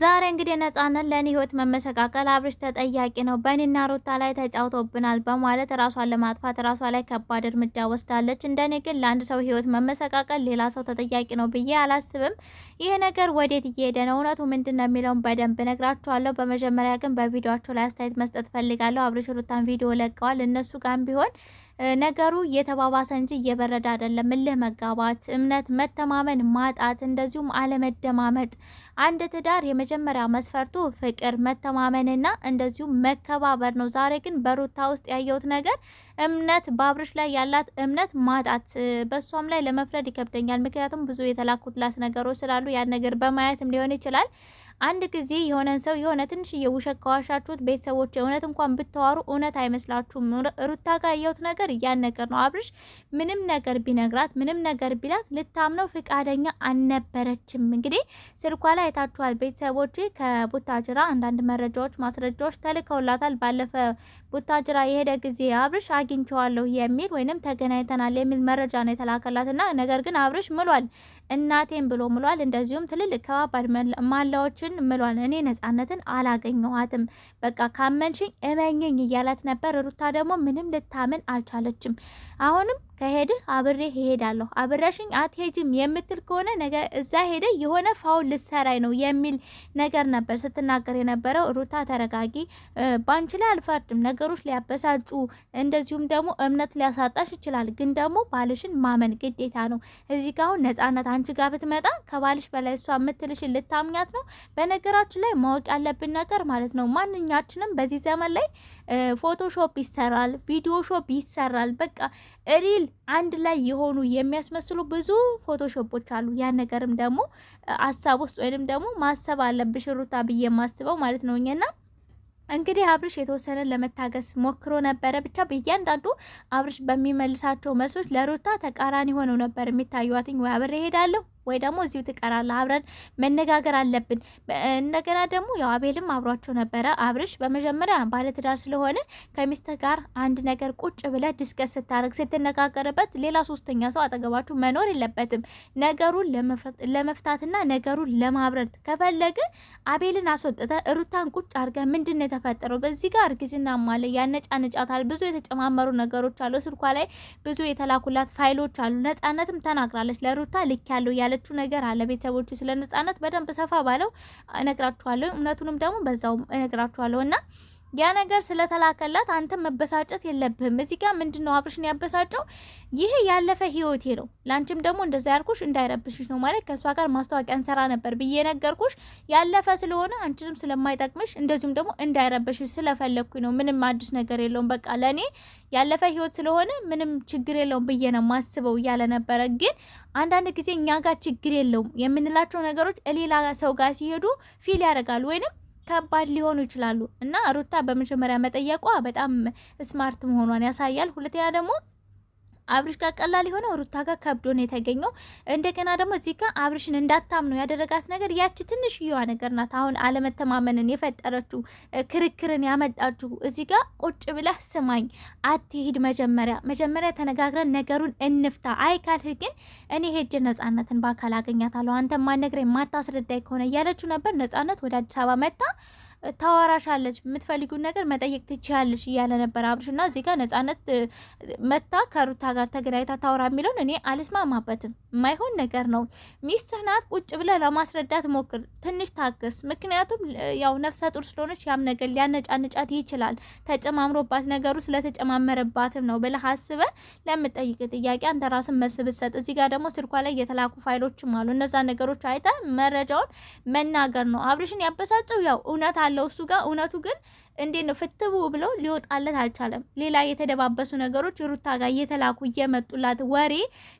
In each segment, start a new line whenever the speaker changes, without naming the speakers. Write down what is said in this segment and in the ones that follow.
ዛሬ እንግዲህ ነጻነት ለእኔ ህይወት መመሰቃቀል አብርሽ ተጠያቂ ነው፣ በእኔና ሩታ ላይ ተጫውቶብናል በማለት ራሷን ለማጥፋት ራሷ ላይ ከባድ እርምጃ ወስዳለች። እንደኔ ግን ለአንድ ሰው ህይወት መመሰቃቀል ሌላ ሰው ተጠያቂ ነው ብዬ አላስብም። ይህ ነገር ወዴት እየሄደ ነው፣ እውነቱ ምንድን ነው የሚለውን በደንብ ነግራችኋለሁ። በመጀመሪያ ግን በቪዲዮቸው ላይ አስተያየት መስጠት ፈልጋለሁ። አብርሽ ሩታን ቪዲዮ ለቀዋል። እነሱ ጋም ቢሆን ነገሩ እየተባባሰ እንጂ እየበረደ አይደለም። እልህ መጋባት፣ እምነት መተማመን ማጣት፣ እንደዚሁም አለመደማመጥ። አንድ ትዳር የመጀመሪያ መስፈርቱ ፍቅር፣ መተማመንና እንደዚሁም መከባበር ነው። ዛሬ ግን በሩታ ውስጥ ያየሁት ነገር እምነት፣ በአብርሽ ላይ ያላት እምነት ማጣት። በእሷም ላይ ለመፍረድ ይከብደኛል፣ ምክንያቱም ብዙ የተላኩትላት ነገሮች ስላሉ ያን ነገር በማየትም ሊሆን ይችላል አንድ ጊዜ የሆነን ሰው የሆነ ትንሽ ውሸት ከዋሻችሁት ቤተሰቦች እውነት እንኳን ብታዋሩ እውነት አይመስላችሁም። ሩታ ጋር ያየሁት ነገር እያን ነገር ነው። አብርሽ ምንም ነገር ቢነግራት ምንም ነገር ቢላት ልታምነው ፍቃደኛ አልነበረችም። እንግዲህ ስልኳ ላይ አይታችኋል ቤተሰቦች ከቡታጅራ አንዳንድ መረጃዎች ማስረጃዎች ተልከውላታል ባለፈ ቡታጅራ የሄደ ጊዜ አብርሽ አግኝቸዋለሁ የሚል ወይንም ተገናኝተናል የሚል መረጃ ነው የተላከላትና ነገር ግን አብርሽ ምሏል። እናቴን ብሎ ምሏል። እንደዚሁም ትልልቅ ከባባድ ማላዎችን ምሏል። እኔ ነጻነትን አላገኘዋትም በቃ ካመንሽኝ እመኝኝ እያላት ነበር። ሩታ ደግሞ ምንም ልታምን አልቻለችም። አሁንም ከሄድህ አብሬ እሄዳለሁ፣ አብረሽኝ አትሄጅም የምትል ከሆነ ነገ እዛ ሄደ የሆነ ፋውል ልሰራይ ነው የሚል ነገር ነበር ስትናገር የነበረው። ሩታ ተረጋጊ፣ ባንቺ ላይ አልፈርድም። ነገሮች ሊያበሳጩ እንደዚሁም ደግሞ እምነት ሊያሳጣሽ ይችላል፣ ግን ደግሞ ባልሽን ማመን ግዴታ ነው። እዚህ ጋ አሁን ነጻነት አንቺ ጋር ብትመጣ ከባልሽ በላይ እሷ የምትልሽን ልታምኛት ነው። በነገራችን ላይ ማወቅ ያለብን ነገር ማለት ነው ማንኛችንም በዚህ ዘመን ላይ ፎቶሾፕ ይሰራል፣ ቪዲዮ ሾፕ ይሰራል። በቃ ሪል አንድ ላይ የሆኑ የሚያስመስሉ ብዙ ፎቶሾፖች አሉ። ያን ነገርም ደግሞ አሳብ ውስጥ ወይንም ደግሞ ማሰብ አለብሽ ሩታ ብዬ የማስበው ማለት ነው እኛና እንግዲህ አብርሽ የተወሰነ ለመታገስ ሞክሮ ነበረ። ብቻ በእያንዳንዱ አብርሽ በሚመልሳቸው መልሶች ለሩታ ተቃራኒ ሆነው ነበር የሚታዩትኝ። ወይ አብሬ እሄዳለሁ ወይ ደግሞ እዚሁ ትቀራለህ፣ አብረን መነጋገር አለብን። እንደገና ደግሞ ያው አቤልም አብሯቸው ነበረ። አብርሽ በመጀመሪያ ባለትዳር ስለሆነ ከሚስትህ ጋር አንድ ነገር ቁጭ ብለህ ዲስከስ ስታደርግ ስትነጋገርበት፣ ሌላ ሶስተኛ ሰው አጠገባችሁ መኖር የለበትም። ነገሩን ለመፍታትና ነገሩን ለማብረድ ከፈለግ አቤልን አስወጥተህ ሩታን ቁጭ አድርገህ ምንድን ነው የተፈጠረው? በዚህ ጋር እርግዝና ማለ ያነጫንጫታል። ብዙ የተጨማመሩ ነገሮች አሉ። ስልኳ ላይ ብዙ የተላኩላት ፋይሎች አሉ። ነጻነትም ተናግራለች ለሩታ ልክ ያለው ያለችው ነገር አለ። ቤተሰቦቹ ስለ ነጻነት በደንብ ሰፋ ባለው እነግራችኋለሁ። እውነቱንም ደግሞ በዛው እነግራችኋለሁ እና ያ ነገር ስለተላከላት አንተ መበሳጨት የለብህም። እዚህ ጋር ምንድን ነው አብርሽን ያበሳጨው? ይሄ ያለፈ ህይወቴ ነው፣ ለአንቺም ደግሞ እንደዛ ያልኩሽ እንዳይረብሽሽ ነው ማለት ከእሷ ጋር ማስታወቂያ እንሰራ ነበር ብዬ ነገርኩሽ። ያለፈ ስለሆነ አንቺንም ስለማይጠቅምሽ እንደዚሁም ደግሞ እንዳይረብሽሽ ስለፈለግኩ ነው። ምንም አዲስ ነገር የለውም። በቃ ለእኔ ያለፈ ህይወት ስለሆነ ምንም ችግር የለውም ብዬ ነው ማስበው እያለ ነበረ። ግን አንዳንድ ጊዜ እኛ ጋር ችግር የለውም የምንላቸው ነገሮች ሌላ ሰው ጋር ሲሄዱ ፊል ያደርጋሉ ወይንም ከባድ ሊሆኑ ይችላሉ እና ሩታ በመጀመሪያ መጠየቋ በጣም ስማርት መሆኗን ያሳያል። ሁለተኛ ደግሞ አብርሽ ጋር ቀላል የሆነው ሩታ ጋር ከብዶ ነው የተገኘው። እንደገና ደግሞ እዚህ ጋር አብርሽን እንዳታምነው ያደረጋት ነገር ያቺ ትንሽዬዋ ነገር ናት። አሁን አለመተማመንን የፈጠረችው ክርክርን ያመጣችሁ እዚህ ጋር ቁጭ ብለህ ስማኝ፣ አትሄድ። መጀመሪያ መጀመሪያ ተነጋግረን ነገሩን እንፍታ። አይ ካልህ ግን እኔ ሄጄ ነጻነትን በአካል አገኛታለሁ አንተ ማነግረ ማታስረዳይ ከሆነ እያለችው ነበር። ነጻነት ወደ አዲስ አበባ መጣ። ታዋራሻለች፣ የምትፈልጉን ነገር መጠየቅ ትችያለች እያለ ነበር አብርሽ። እና እዚህ ጋር ነጻነት መታ ከሩታ ጋር ተገናኝታ ታወራ የሚለውን እኔ አልስማማበትም። የማይሆን ነገር ነው። ሚስትህ ናት፣ ቁጭ ብለህ ለማስረዳት ሞክር፣ ትንሽ ታገስ። ምክንያቱም ያው ነፍሰ ጡር ስለሆነች ያም ነገር ሊያነጫንጫት ይችላል። ተጨማምሮባት ነገሩ ስለተጨማመረባትም ነው ብለህ አስበህ ለምጠይቅ ጥያቄ አንተ ራስን መልስ ብትሰጥ። እዚህ ጋር ደግሞ ስልኳ ላይ የተላኩ ፋይሎችም አሉ። እነዛ ነገሮች አይተህ መረጃውን መናገር ነው። አብርሽን ያበሳጨው ያው እውነት አለ ያለው እሱ ጋር እውነቱ ግን እንዴት ነው ፍትቡ ብሎ ሊወጣለት አልቻለም። ሌላ የተደባበሱ ነገሮች ሩታ ጋር እየተላኩ እየመጡላት ወሬ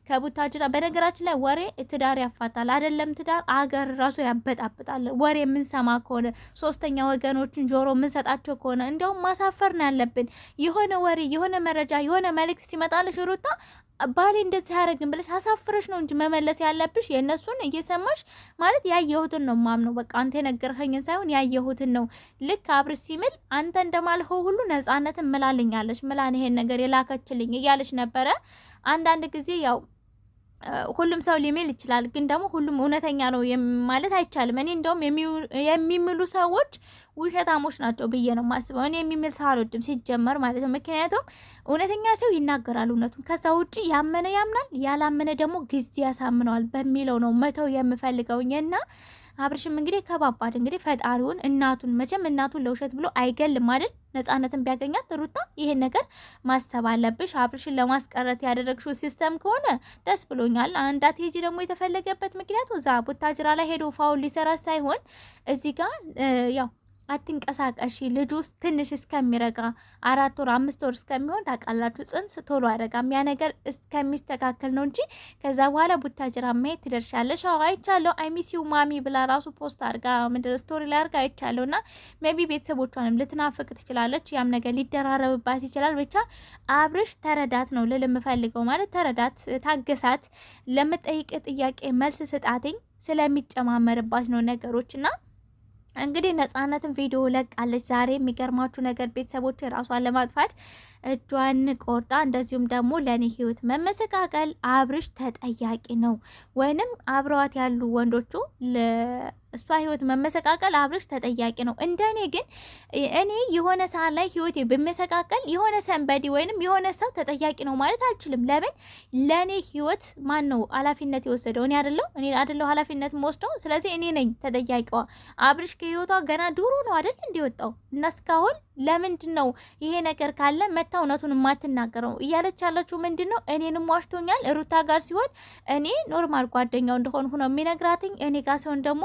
ከቡታጅራ። በነገራችን ላይ ወሬ ትዳር ያፋታል አይደለም፣ ትዳር አገር ራሱ ያበጣብጣል። ወሬ የምንሰማ ከሆነ ሶስተኛ ወገኖችን ጆሮ የምንሰጣቸው ከሆነ እንዲያውም ማሳፈር ነው ያለብን። የሆነ ወሬ፣ የሆነ መረጃ፣ የሆነ መልእክት ሲመጣልሽ ሩታ ባሌ እንደዚህ ያደረግን ብለሽ አሳፍረሽ ነው እንጂ መመለስ ያለብሽ። የእነሱን እየሰማሽ ማለት ያየሁትን ነው ማምነው። በቃ አንተ የነገርኸኝን ሳይሆን ያየሁትን ነው ልክ አብርሽ ሲምል አንተ እንደማልኸው ሁሉ ነጻነት ምላልኛለች፣ ምላን ይሄን ነገር የላከችልኝ እያለች ነበረ። አንዳንድ ጊዜ ያው ሁሉም ሰው ሊሚል ይችላል፣ ግን ደግሞ ሁሉም እውነተኛ ነው ማለት አይቻልም። እኔ እንደውም የሚምሉ ሰዎች ውሸታሞች ናቸው ብዬ ነው ማስበው። እኔ የሚምል ሰው አልወድም ሲጀመር ማለት ነው። ምክንያቱም እውነተኛ ሰው ይናገራል እውነቱን። ከዛ ውጭ ያመነ ያምናል፣ ያላመነ ደግሞ ጊዜ ያሳምነዋል በሚለው ነው መተው የምፈልገውኝ እና አብርሽም እንግዲህ ከባባድ እንግዲህ ፈጣሪውን እናቱን መቼም እናቱን ለውሸት ብሎ አይገልም አይደል? ነጻነትን ቢያገኛት ሩታ ይሄን ነገር ማሰብ አለብሽ። አብርሽን ለማስቀረት ያደረግሽው ሲስተም ከሆነ ደስ ብሎኛል። አንዳት ሄጂ ደግሞ የተፈለገበት ምክንያቱ እዛ ቡታጅራ ላይ ሄዶ ፋውል ሊሰራ ሳይሆን እዚህ ጋር ያው አትንቀሳቀሺ ልጁ ውስጥ ትንሽ እስከሚረጋ አራት ወር አምስት ወር እስከሚሆን ታውቃላችሁ፣ ጽንስ ቶሎ አይረጋም። ያ ነገር እስከሚስተካከል ነው እንጂ ከዛ በኋላ ቡታጅራ ማየት ትደርሻለሽ። አዎ አይቻለሁ። አይሚሲው ማሚ ብላ ራሱ ፖስት አርጋ ምድር ስቶሪ ላይ አርጋ አይቻለሁ። እና ሜቢ ቤተሰቦቿንም ልትናፍቅ ትችላለች። ያም ነገር ሊደራረብባት ይችላል። ብቻ አብርሽ ተረዳት ነው ልል የምፈልገው ማለት ተረዳት፣ ታገሳት፣ ለምጠይቅ ጥያቄ መልስ ስጣትኝ ስለሚጨማመርባት ነው ነገሮች እና እንግዲህ ነጻነትን ቪዲዮ ለቃለች ዛሬ። የሚገርማችሁ ነገር ቤተሰቦች ራሷን ለማጥፋት እጇን ቆርጣ እንደዚሁም ደግሞ ለእኔ ህይወት መመሰቃቀል አብርሽ ተጠያቂ ነው ወይንም አብረዋት ያሉ ወንዶቹ እሷ ህይወት መመሰቃቀል አብርሽ ተጠያቂ ነው። እንደኔ ግን እኔ የሆነ ሰዓት ላይ ህይወቴ ብመሰቃቀል የሆነ ሰንበዲ ወይንም የሆነ ሰው ተጠያቂ ነው ማለት አልችልም። ለምን ለእኔ ህይወት ማን ነው ኃላፊነት የወሰደው? እኔ አደለው እኔ አደለው ኃላፊነት ወስደው። ስለዚህ እኔ ነኝ ተጠያቂዋ። አብርሽ ከህይወቷ ገና ድሮ ነው አደል እንዲወጣው እና እስካሁን ለምንድን ነው ይሄ ነገር ካለ መታ እውነቱን የማትናገረው? እያለች ያለችው ምንድን ነው? እኔንም ዋሽቶኛል ሩታ ጋር ሲሆን እኔ ኖርማል ጓደኛው እንደሆን ሁኖ የሚነግራትኝ፣ እኔ ጋር ሲሆን ደግሞ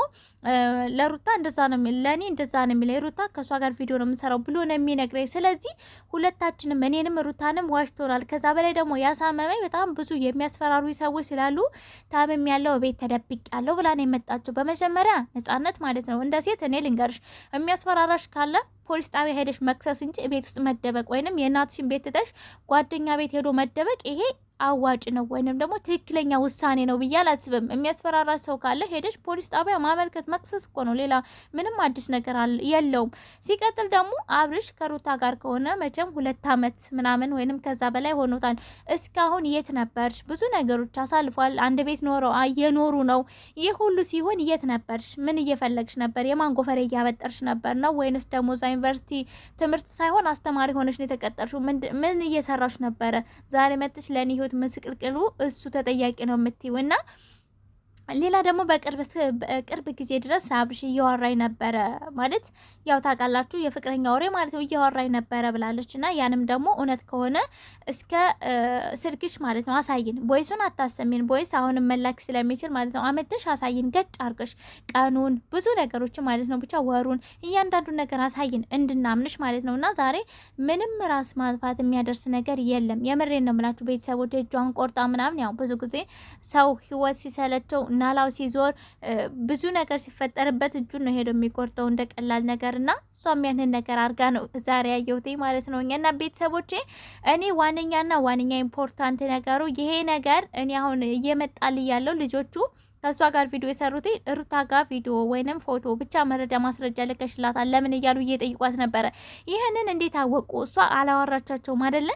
ለሩታ እንደዛ ነው፣ ለእኔ እንደዛ ነው የሚለኝ፣ ሩታ ከእሷ ጋር ቪዲዮ ነው የምሰራው ብሎ ነው የሚነግረኝ። ስለዚህ ሁለታችንም እኔንም ሩታንም ዋሽቶናል። ከዛ በላይ ደግሞ ያሳመመኝ በጣም ብዙ የሚያስፈራሩ ሰዎች ስላሉ ታምም ያለው ቤት ተደብቅ ያለው ብላ ነው የመጣችው። በመጀመሪያ ነጻነት ማለት ነው እንደ ሴት እኔ ልንገርሽ፣ የሚያስፈራራሽ ካለ ፖሊስ ጣቢያ ሄደሽ መክሰስ እንጂ ቤት ውስጥ መደበቅ ወይንም የእናትሽን ቤት ትተሽ ጓደኛ ቤት ሄዶ መደበቅ ይሄ አዋጭ ነው ወይንም ደግሞ ትክክለኛ ውሳኔ ነው ብዬ አላስብም። የሚያስፈራራ ሰው ካለ ሄደሽ ፖሊስ ጣቢያ ማመልከት መክሰስ እኮ ነው። ሌላ ምንም አዲስ ነገር የለውም። ሲቀጥል ደግሞ አብርሽ ከሩታ ጋር ከሆነ መቼም ሁለት አመት ምናምን ወይንም ከዛ በላይ ሆኖታል። እስካሁን የት ነበርሽ? ብዙ ነገሮች አሳልፏል። አንድ ቤት ኖረው እየኖሩ ነው። ይህ ሁሉ ሲሆን የት ነበርሽ? ምን እየፈለግሽ ነበር? የማንጎፈሬ እያበጠርሽ ነበር ነው ወይንስ ደግሞ እዛ ዩኒቨርሲቲ ትምህርት ሳይሆን አስተማሪ ሆነሽ ነው የተቀጠርሽው? ምን እየሰራሽ ነበረ? ዛሬ መጥሽ ለኒህ ህይወት መስቅልቅሉ እሱ ተጠያቂ ነው የምትይውና ሌላ ደግሞ በቅርብ ጊዜ ድረስ አብርሽ እያወራኝ ነበረ ማለት ያው ታውቃላችሁ የፍቅረኛ ወሬ ማለት ነው እያወራኝ ነበረ ብላለች እና ያንም ደግሞ እውነት ከሆነ እስከ ስልክሽ ማለት ነው አሳይን ቦይሱን አታሰሚን ቦይስ አሁንም መላክ ስለሚችል ማለት ነው አመደሽ አሳይን ገጭ አርገሽ ቀኑን ብዙ ነገሮችን ማለት ነው ብቻ ወሩን እያንዳንዱ ነገር አሳይን እንድናምንሽ ማለት ነው እና ዛሬ ምንም ራስ ማጥፋት የሚያደርስ ነገር የለም የምሬን ነው የምላችሁ ቤተሰቦች እጇን ቆርጣ ምናምን ያው ብዙ ጊዜ ሰው ህይወት ሲሰለቸው ናላው ሲዞር ብዙ ነገር ሲፈጠርበት እጁን ነው ሄዶ የሚቆርጠው እንደ ቀላል ነገር ና እሷም ያንን ነገር አርጋ ነው ዛሬ ያየሁት ማለት ነው። እና ቤተሰቦቼ እኔ ዋነኛና ዋነኛ ኢምፖርታንት ነገሩ ይሄ ነገር እኔ አሁን እየመጣል ያለው ልጆቹ ከእሷ ጋር ቪዲዮ የሰሩት ሩታ ጋር ቪዲዮ ወይንም ፎቶ ብቻ መረጃ ማስረጃ ልከሽላታል ለምን እያሉ እየጠይቋት ነበረ። ይህንን እንዴት አወቁ? እሷ አላዋራቻቸውም አይደለ?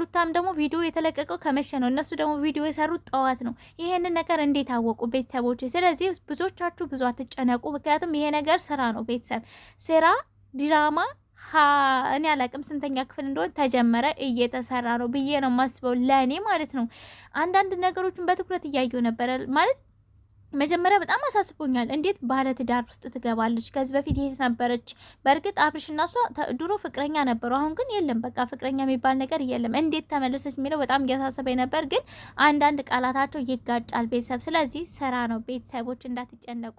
ሩታም ደግሞ ቪዲዮ የተለቀቀው ከመሸ ነው። እነሱ ደግሞ ቪዲዮ የሰሩት ጠዋት ነው። ይህንን ነገር እንዴት አወቁ ቤተሰቦች? ስለዚህ ብዙዎቻችሁ ብዙ አትጨነቁ። ምክንያቱም ይሄ ነገር ስራ ነው ቤተሰብ ስራ ዲራማ እኔ አላቅም ስንተኛ ክፍል እንደሆነ ተጀመረ እየተሰራ ነው ብዬ ነው ማስበው። ለእኔ ማለት ነው አንዳንድ ነገሮችን በትኩረት እያየው ነበረ ማለት መጀመሪያ በጣም አሳስቦኛል። እንዴት ባለ ትዳር ውስጥ ትገባለች? ከዚህ በፊት የት ነበረች? በእርግጥ አብርሽ እና እሷ ድሮ ፍቅረኛ ነበሩ፣ አሁን ግን የለም። በቃ ፍቅረኛ የሚባል ነገር የለም። እንዴት ተመለሰች የሚለው በጣም እያሳሰበኝ ነበር። ግን አንዳንድ ቃላታቸው ይጋጫል ቤተሰብ። ስለዚህ ስራ ነው ቤተሰቦች እንዳትጨነቁ።